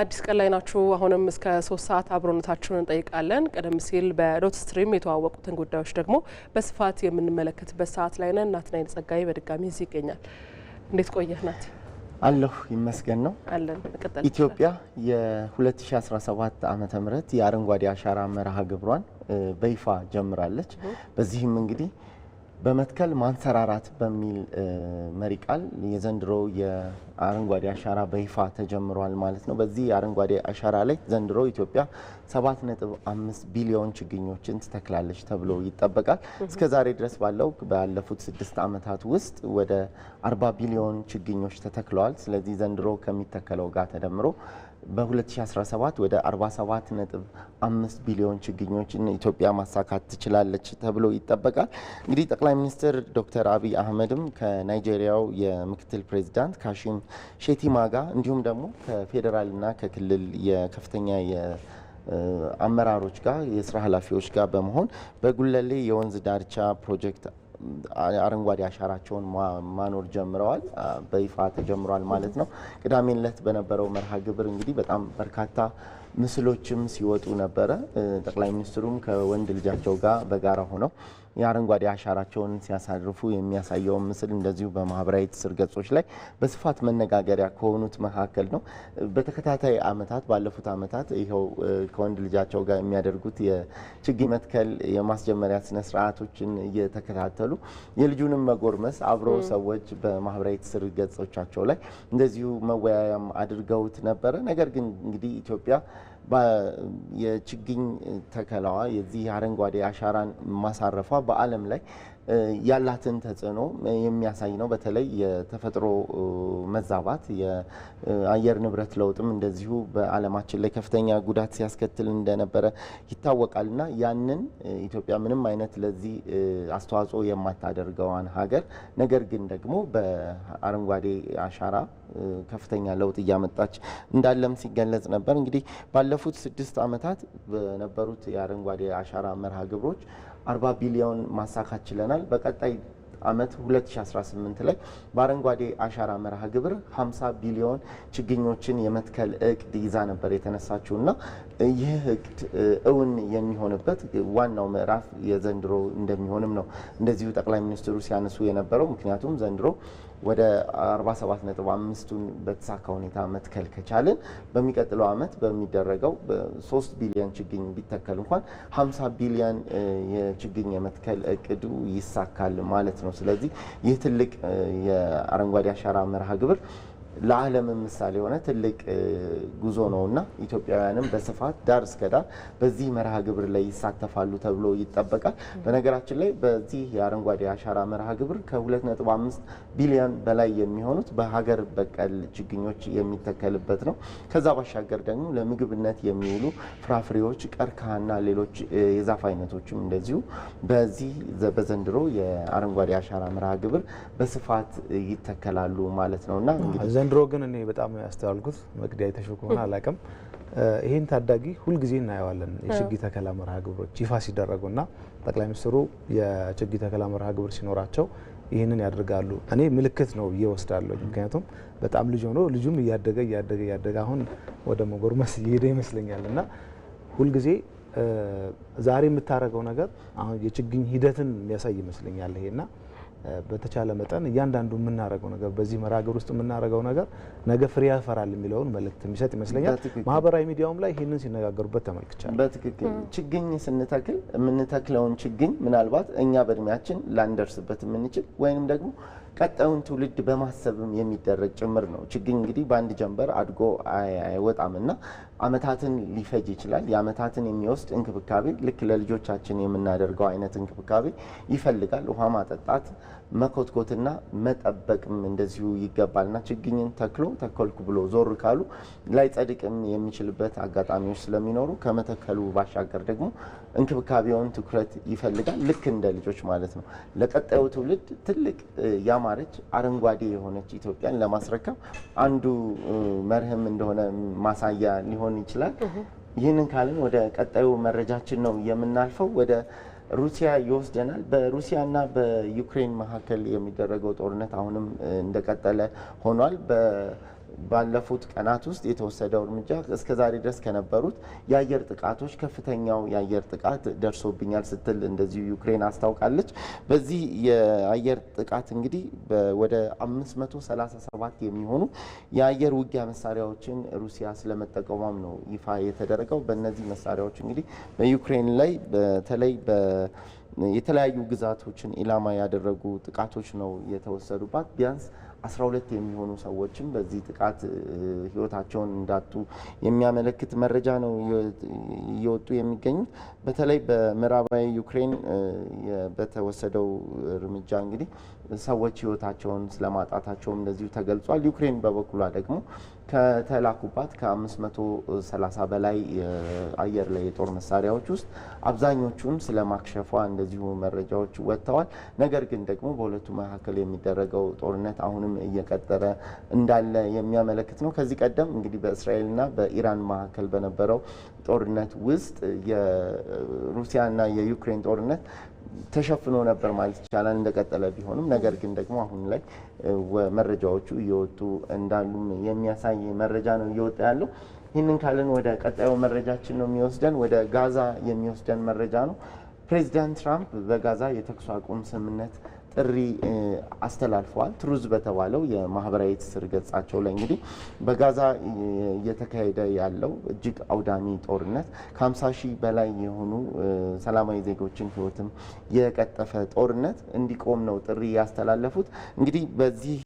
አዲስ ቀን ላይ ናችሁ። አሁንም እስከ ሶስት ሰዓት አብሮነታችሁን እንጠይቃለን። ቀደም ሲል በዶት ስትሪም የተዋወቁትን ጉዳዮች ደግሞ በስፋት የምንመለከትበት ሰዓት ላይ ነን። ናትናኤል ጸጋዬ በድጋሚ እዚህ ይገኛል። እንዴት ቆየህ ናት? አለሁ ይመስገን ነው አለን። ኢትዮጵያ የ2017 ዓ ምህረት የአረንጓዴ አሻራ መርሃ ግብሯን በይፋ ጀምራለች። በዚህም እንግዲህ በመትከል ማንሰራራት በሚል መሪ ቃል የዘንድሮ የአረንጓዴ አሻራ በይፋ ተጀምሯል ማለት ነው። በዚህ የአረንጓዴ አሻራ ላይ ዘንድሮ ኢትዮጵያ 7.5 ቢሊዮን ችግኞችን ትተክላለች ተብሎ ይጠበቃል። እስከ ዛሬ ድረስ ባለው ባለፉት ስድስት ዓመታት ውስጥ ወደ 40 ቢሊዮን ችግኞች ተተክለዋል። ስለዚህ ዘንድሮ ከሚተከለው ጋር ተደምሮ በ2017 ወደ 47.5 ቢሊዮን ችግኞችን ኢትዮጵያ ማሳካት ትችላለች ተብሎ ይጠበቃል። እንግዲህ ጠቅላይ ሚኒስትር ዶክተር አብይ አህመድም ከናይጄሪያው የምክትል ፕሬዚዳንት ካሺም ሼቲማ ጋር እንዲሁም ደግሞ ከፌዴራልና ከክልል የከፍተኛ አመራሮች ጋር የስራ ኃላፊዎች ጋር በመሆን በጉለሌ የወንዝ ዳርቻ ፕሮጀክት አረንጓዴ አሻራቸውን ማኖር ጀምረዋል፣ በይፋ ተጀምሯል ማለት ነው። ቅዳሜ ዕለት በነበረው መርሃ ግብር እንግዲህ በጣም በርካታ ምስሎችም ሲወጡ ነበረ። ጠቅላይ ሚኒስትሩም ከወንድ ልጃቸው ጋር በጋራ ሆነው የአረንጓዴ አሻራቸውን ሲያሳርፉ የሚያሳየው ምስል እንደዚሁ በማህበራዊ ትስስር ገጾች ላይ በስፋት መነጋገሪያ ከሆኑት መካከል ነው። በተከታታይ አመታት ባለፉት ዓመታት ይኸው ከወንድ ልጃቸው ጋር የሚያደርጉት የችግኝ መትከል የማስጀመሪያ ስነ ስርዓቶችን እየተከታተሉ የልጁንም መጎርመስ አብሮ ሰዎች በማህበራዊ ትስስር ገጾቻቸው ላይ እንደዚሁ መወያያም አድርገውት ነበረ። ነገር ግን እንግዲህ ኢትዮጵያ የችግኝ ተከላዋ የዚህ አረንጓዴ አሻራን ማሳረፏ በዓለም ላይ ያላትን ተጽዕኖ የሚያሳይ ነው። በተለይ የተፈጥሮ መዛባት የአየር ንብረት ለውጥም እንደዚሁ በዓለማችን ላይ ከፍተኛ ጉዳት ሲያስከትል እንደነበረ ይታወቃል እና ያንን ኢትዮጵያ ምንም አይነት ለዚህ አስተዋጽኦ የማታደርገዋን ሀገር ነገር ግን ደግሞ በአረንጓዴ አሻራ ከፍተኛ ለውጥ እያመጣች እንዳለም ሲገለጽ ነበር። እንግዲህ ባለፉት ስድስት ዓመታት በነበሩት የአረንጓዴ አሻራ መርሃ ግብሮች 40 ቢሊዮን ማሳካት ችለናል። በቀጣይ አመት 2018 ላይ በአረንጓዴ አሻራ መርሃ ግብር 50 ቢሊዮን ችግኞችን የመትከል እቅድ ይዛ ነበር የተነሳችው እና ይህ እቅድ እውን የሚሆንበት ዋናው ምዕራፍ የዘንድሮ እንደሚሆንም ነው እንደዚሁ ጠቅላይ ሚኒስትሩ ሲያነሱ የነበረው። ምክንያቱም ዘንድሮ ወደ 47.5ቱን በተሳካ ሁኔታ መትከል ከቻልን በሚቀጥለው ዓመት በሚደረገው በ3 ቢሊዮን ችግኝ ቢተከል እንኳን 50 ቢሊዮን የችግኝ የመትከል እቅዱ ይሳካል ማለት ነው። ስለዚህ ይህ ትልቅ የአረንጓዴ አሻራ መርሃ ግብር ለዓለምም ምሳሌ የሆነ ትልቅ ጉዞ ነውና ኢትዮጵያውያንም በስፋት ዳር እስከ ዳር በዚህ መርሃ ግብር ላይ ይሳተፋሉ ተብሎ ይጠበቃል። በነገራችን ላይ በዚህ የአረንጓዴ አሻራ መርሃ ግብር ከ2.5 ቢሊዮን በላይ የሚሆኑት በሀገር በቀል ችግኞች የሚተከልበት ነው። ከዛ ባሻገር ደግሞ ለምግብነት የሚውሉ ፍራፍሬዎች፣ ቀርከሃና ሌሎች የዛፍ አይነቶችም እንደዚሁ በዚህ በዘንድሮ የአረንጓዴ አሻራ መርሃ ግብር በስፋት ይተከላሉ ማለት ነውና ዘንድሮ ግን እኔ በጣም ያስተዋልኩት መቅዲያ የተሾ ከሆነ አላውቅም፣ ይህን ታዳጊ ሁልጊዜ እናየዋለን። የችግኝ ተከላ መርሃ ግብሮች ይፋ እና ጠቅላይ ሚኒስትሩ የችግኝ ተከላ መርሃ ግብር ሲኖራቸው ይህንን ያደርጋሉ። እኔ ምልክት ነው ብዬ ወስዳለሁ። ምክንያቱም በጣም ልጅ ሆኖ ልጁም እያደገ እያደገ እያደገ አሁን ወደ መጎርመስ እየሄደ ይመስለኛል እና ሁልጊዜ ዛሬ የምታደርገው ነገር አሁን የችግኝ ሂደትን የሚያሳይ ይመስለኛል ይሄና በተቻለ መጠን እያንዳንዱ የምናደርገው ነገር በዚህ መራገር ውስጥ የምናደርገው ነገር ነገ ፍሬ ያፈራል የሚለውን መልእክት የሚሰጥ ይመስለኛል። ማህበራዊ ሚዲያውም ላይ ይህንን ሲነጋገሩበት ተመልክቻለሁ። በትክክል ችግኝ ስንተክል የምንተክለውን ችግኝ ምናልባት እኛ በእድሜያችን ላንደርስበት የምንችል ወይንም ደግሞ ቀጣዩን ትውልድ በማሰብም የሚደረግ ጭምር ነው። ችግኝ እንግዲህ በአንድ ጀንበር አድጎ አይወጣም እና አመታትን ሊፈጅ ይችላል። የአመታትን የሚወስድ እንክብካቤ ልክ ለልጆቻችን የምናደርገው አይነት እንክብካቤ ይፈልጋል። ውሃ ማጠጣት መኮትኮትና መጠበቅም እንደዚሁ ይገባልና ችግኝን ተክሎ ተከልኩ ብሎ ዞር ካሉ ላይ የሚችልበት አጋጣሚዎች ስለሚኖሩ ከመተከሉ ባሻገር ደግሞ እንክብካቤውን ትኩረት ይፈልጋል። ልክ እንደ ልጆች ማለት ነው። ለቀጣዩ ትውልድ ትልቅ ያማረች አረንጓዴ የሆነች ኢትዮጵያን ለማስረከብ አንዱ መርህም እንደሆነ ማሳያ ሊሆን ይችላል። ይህንን ካልን ወደ ቀጣዩ መረጃችን ነው የምናልፈው ወደ ሩሲያ ይወስደናል። በሩሲያና በዩክሬን መካከል የሚደረገው ጦርነት አሁንም እንደቀጠለ ሆኗል። ባለፉት ቀናት ውስጥ የተወሰደው እርምጃ እስከ ዛሬ ድረስ ከነበሩት የአየር ጥቃቶች ከፍተኛው የአየር ጥቃት ደርሶብኛል ስትል እንደዚሁ ዩክሬን አስታውቃለች። በዚህ የአየር ጥቃት እንግዲህ ወደ 537 የሚሆኑ የአየር ውጊያ መሳሪያዎችን ሩሲያ ስለመጠቀሟም ነው ይፋ የተደረገው። በእነዚህ መሳሪያዎች እንግዲህ በዩክሬን ላይ በተለይ የተለያዩ ግዛቶችን ኢላማ ያደረጉ ጥቃቶች ነው የተወሰዱባት ቢያንስ ሁለት የሚሆኑ ሰዎችም በዚህ ጥቃት ህይወታቸውን እንዳጡ የሚያመለክት መረጃ ነው እየወጡ የሚገኙት። በተለይ በምዕራባዊ ዩክሬን በተወሰደው እርምጃ እንግዲህ ሰዎች ህይወታቸውን ስለማጣታቸውም እንደዚሁ ተገልጿል። ዩክሬን በበኩሏ ደግሞ ከተላኩባት ከ530 በላይ አየር ላይ የጦር መሳሪያዎች ውስጥ አብዛኞቹን ስለ ማክሸፏ እንደዚሁ መረጃዎች ወጥተዋል። ነገር ግን ደግሞ በሁለቱ መካከል የሚደረገው ጦርነት አሁንም እየቀጠረ እንዳለ የሚያመለክት ነው። ከዚህ ቀደም እንግዲህ በእስራኤልና በኢራን መካከል በነበረው ጦርነት ውስጥ የሩሲያና የዩክሬን ጦርነት ተሸፍኖ ነበር ማለት ይቻላል እንደቀጠለ ቢሆንም፣ ነገር ግን ደግሞ አሁን ላይ መረጃዎቹ እየወጡ እንዳሉም የሚያሳይ መረጃ ነው እየወጣ ያለው። ይህንን ካለን ወደ ቀጣዩ መረጃችን ነው የሚወስደን፣ ወደ ጋዛ የሚወስደን መረጃ ነው። ፕሬዚዳንት ትራምፕ በጋዛ የተኩስ አቁም ስምምነት ጥሪ አስተላልፈዋል። ትሩዝ በተባለው የማህበራዊ ትስስር ገጻቸው ላይ እንግዲህ በጋዛ እየተካሄደ ያለው እጅግ አውዳሚ ጦርነት ከ50 ሺህ በላይ የሆኑ ሰላማዊ ዜጎችን ህይወትም የቀጠፈ ጦርነት እንዲቆም ነው ጥሪ ያስተላለፉት። እንግዲህ በዚህ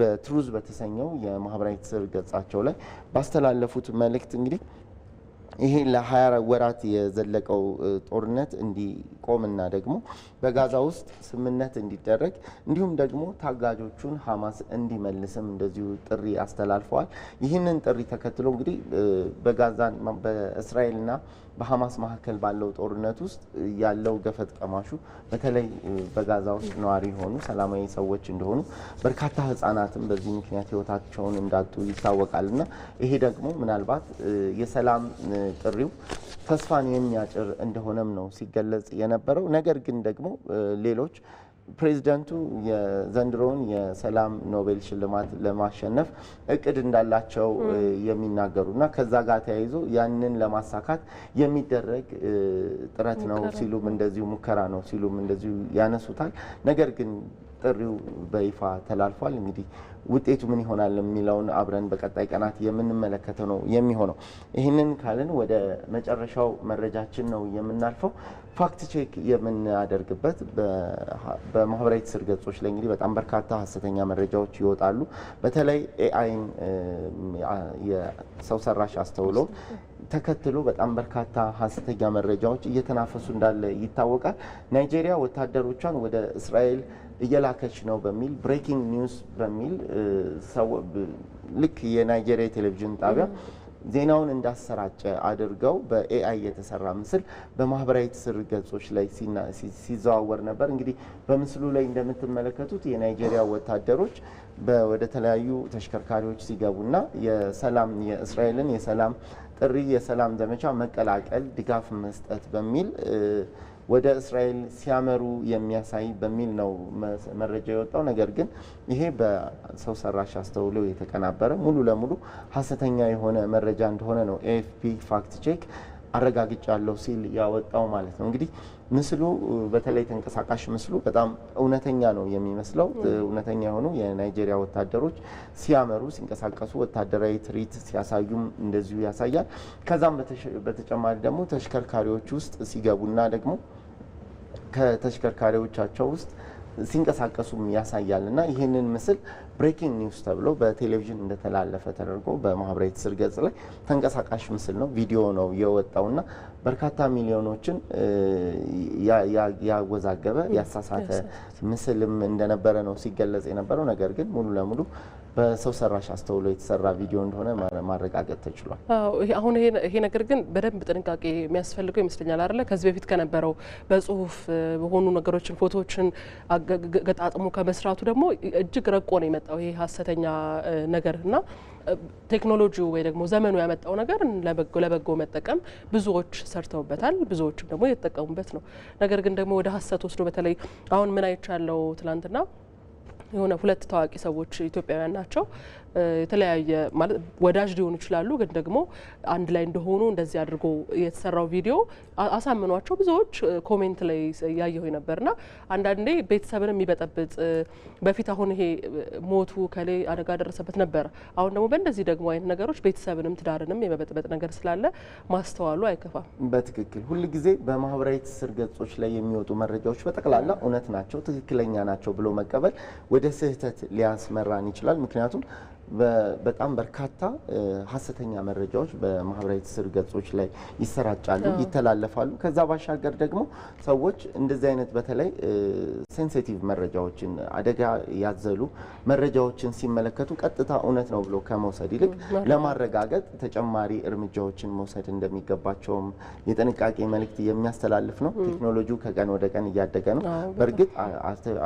በትሩዝ በተሰኘው የማህበራዊ ትስስር ገጻቸው ላይ ባስተላለፉት መልእክት እንግዲህ ይሄ ለ24 ወራት የዘለቀው ጦርነት እንዲቆምና ደግሞ በጋዛ ውስጥ ስምምነት እንዲደረግ እንዲሁም ደግሞ ታጋጆቹን ሀማስ እንዲመልስም እንደዚሁ ጥሪ አስተላልፈዋል። ይህንን ጥሪ ተከትሎ እንግዲህ በጋዛን በእስራኤልና በሀማስ መካከል ባለው ጦርነት ውስጥ ያለው ገፈት ቀማሹ በተለይ በጋዛ ውስጥ ነዋሪ የሆኑ ሰላማዊ ሰዎች እንደሆኑ በርካታ ህጻናትም በዚህ ምክንያት ህይወታቸውን እንዳጡ ይታወቃል እና ይሄ ደግሞ ምናልባት የሰላም ጥሪው ተስፋን የሚያጭር እንደሆነም ነው ሲገለጽ የነበረው። ነገር ግን ደግሞ ሌሎች ፕሬዚደንቱ የዘንድሮውን የሰላም ኖቤል ሽልማት ለማሸነፍ እቅድ እንዳላቸው የሚናገሩ እና ከዛ ጋር ተያይዞ ያንን ለማሳካት የሚደረግ ጥረት ነው ሲሉም እንደዚሁ ሙከራ ነው ሲሉም እንደዚሁ ያነሱታል። ነገር ግን ጥሪው በይፋ ተላልፏል እንግዲህ ውጤቱ ምን ይሆናል የሚለውን አብረን በቀጣይ ቀናት የምንመለከተው ነው የሚሆነው። ይህንን ካልን ወደ መጨረሻው መረጃችን ነው የምናልፈው። ፋክት ቼክ የምናደርግበት በማህበራዊ ትስስር ገጾች ላይ እንግዲህ በጣም በርካታ ሀሰተኛ መረጃዎች ይወጣሉ። በተለይ ኤአይን የሰው ሰራሽ አስተውሎ ተከትሎ በጣም በርካታ ሀሰተኛ መረጃዎች እየተናፈሱ እንዳለ ይታወቃል። ናይጄሪያ ወታደሮቿን ወደ እስራኤል እየላከች ነው በሚል ብሬኪንግ ኒውስ በሚል ልክ የናይጄሪያ ቴሌቪዥን ጣቢያ ዜናውን እንዳሰራጨ አድርገው በኤአይ የተሰራ ምስል በማህበራዊ ትስር ገጾች ላይ ሲዘዋወር ነበር። እንግዲህ በምስሉ ላይ እንደምትመለከቱት የናይጄሪያ ወታደሮች ወደ ተለያዩ ተሽከርካሪዎች ሲገቡና የሰላም የእስራኤልን የሰላም ጥሪ የሰላም ዘመቻ መቀላቀል ድጋፍ መስጠት በሚል ወደ እስራኤል ሲያመሩ የሚያሳይ በሚል ነው መረጃ የወጣው። ነገር ግን ይሄ በሰው ሰራሽ አስተውሎ የተቀናበረ ሙሉ ለሙሉ ሀሰተኛ የሆነ መረጃ እንደሆነ ነው ኤኤፍፒ ፋክት ቼክ አረጋግጫለሁ ሲል ያወጣው ማለት ነው። እንግዲህ ምስሉ በተለይ ተንቀሳቃሽ ምስሉ በጣም እውነተኛ ነው የሚመስለው። እውነተኛ የሆኑ የናይጄሪያ ወታደሮች ሲያመሩ፣ ሲንቀሳቀሱ ወታደራዊ ትርኢት ሲያሳዩም እንደዚሁ ያሳያል። ከዛም በተጨማሪ ደግሞ ተሽከርካሪዎች ውስጥ ሲገቡና ደግሞ ከተሽከርካሪዎቻቸው ውስጥ ሲንቀሳቀሱም ያሳያል እና ይህንን ምስል ብሬኪንግ ኒውስ ተብሎ በቴሌቪዥን እንደተላለፈ ተደርጎ በማህበራዊ ትስስር ገጽ ላይ ተንቀሳቃሽ ምስል ነው፣ ቪዲዮ ነው የወጣው እና በርካታ ሚሊዮኖችን ያወዛገበ ያሳሳተ ምስልም እንደነበረ ነው ሲገለጽ የነበረው። ነገር ግን ሙሉ ለሙሉ በሰው ሰራሽ አስተውሎ የተሰራ ቪዲዮ እንደሆነ ማረጋገጥ ተችሏል። አሁን ይሄ ነገር ግን በደንብ ጥንቃቄ የሚያስፈልገው ይመስለኛል አይደለ? ከዚህ በፊት ከነበረው በጽሁፍ በሆኑ ነገሮችን ፎቶዎችን ገጣጥሞ ከመስራቱ ደግሞ እጅግ ረቆ ነው የመጣው ይሄ ሀሰተኛ ነገር እና ቴክኖሎጂ ወይ ደግሞ ዘመኑ ያመጣው ነገር ለበጎ መጠቀም ብዙዎች ሰርተውበታል፣ ብዙዎችም ደግሞ የተጠቀሙበት ነው። ነገር ግን ደግሞ ወደ ሀሰት ወስዶ በተለይ አሁን ምን አይቻለው ትላንትና የሆነ ሁለት ታዋቂ ሰዎች ኢትዮጵያውያን ናቸው የተለያየ ማለት ወዳጅ ሊሆኑ ይችላሉ፣ ግን ደግሞ አንድ ላይ እንደሆኑ እንደዚህ አድርጎ የተሰራው ቪዲዮ አሳምኗቸው ብዙዎች ኮሜንት ላይ ያየሁ ነበርና አንዳንዴ ቤተሰብን የሚበጠብጥ በፊት አሁን ይሄ ሞቱ ከሌ አደጋ ደረሰበት ነበር አሁን ደግሞ በእንደዚህ ደግሞ አይነት ነገሮች ቤተሰብንም ትዳርንም የመበጥበጥ ነገር ስላለ ማስተዋሉ አይከፋም። በትክክል ጊዜ በማህበራዊ ትስስር ገጾች ላይ የሚወጡ መረጃዎች በጠቅላላ እውነት ናቸው፣ ትክክለኛ ናቸው ብሎ መቀበል ወደ ስህተት ሊያስመራን ይችላል ምክንያቱም በጣም በርካታ ሀሰተኛ መረጃዎች በማህበራዊ ትስስር ገጾች ላይ ይሰራጫሉ፣ ይተላለፋሉ። ከዛ ባሻገር ደግሞ ሰዎች እንደዚህ አይነት በተለይ ሴንሲቲቭ መረጃዎችን አደጋ ያዘሉ መረጃዎችን ሲመለከቱ ቀጥታ እውነት ነው ብሎ ከመውሰድ ይልቅ ለማረጋገጥ ተጨማሪ እርምጃዎችን መውሰድ እንደሚገባቸውም የጥንቃቄ መልእክት የሚያስተላልፍ ነው። ቴክኖሎጂው ከቀን ወደ ቀን እያደገ ነው። በእርግጥ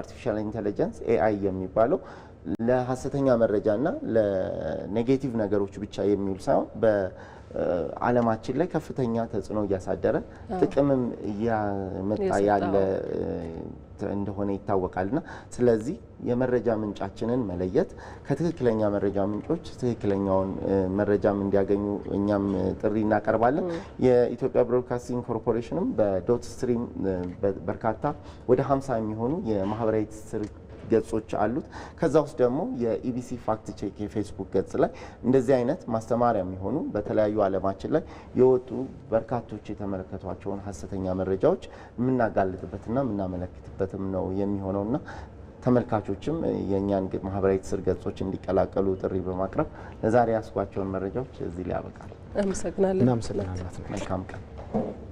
አርቲፊሻል ኢንቴሊጀንስ ኤአይ የሚባለው ለሀሰተኛ መረጃ እና ለኔጌቲቭ ነገሮች ብቻ የሚውል ሳይሆን በዓለማችን ላይ ከፍተኛ ተጽዕኖ እያሳደረ ጥቅምም እያመጣ ያለ እንደሆነ ና ስለዚህ የመረጃ ምንጫችንን መለየት ከትክክለኛ መረጃ ምንጮች ትክክለኛውን መረጃም እንዲያገኙ እኛም ጥሪ እናቀርባለን። የኢትዮጵያ ብሮድካስቲንግ ኮርፖሬሽንም በዶት ስትሪም በርካታ ወደ ሀምሳ የሚሆኑ የማህበራዊ ትስስር ገጾች አሉት። ከዛ ውስጥ ደግሞ የኢቢሲ ፋክት ቼክ የፌስቡክ ገጽ ላይ እንደዚህ አይነት ማስተማሪያ የሚሆኑ በተለያዩ አለማችን ላይ የወጡ በርካቶች የተመለከቷቸውን ሀሰተኛ መረጃዎች የምናጋልጥበትና የምናመለክትበትም ነው የሚሆነውና ተመልካቾችም የእኛን ማህበራዊ ትስስር ገጾች እንዲቀላቀሉ ጥሪ በማቅረብ ለዛሬ ያስኳቸውን መረጃዎች እዚህ ላይ ያበቃል። አመሰግናለን። መልካም ቀን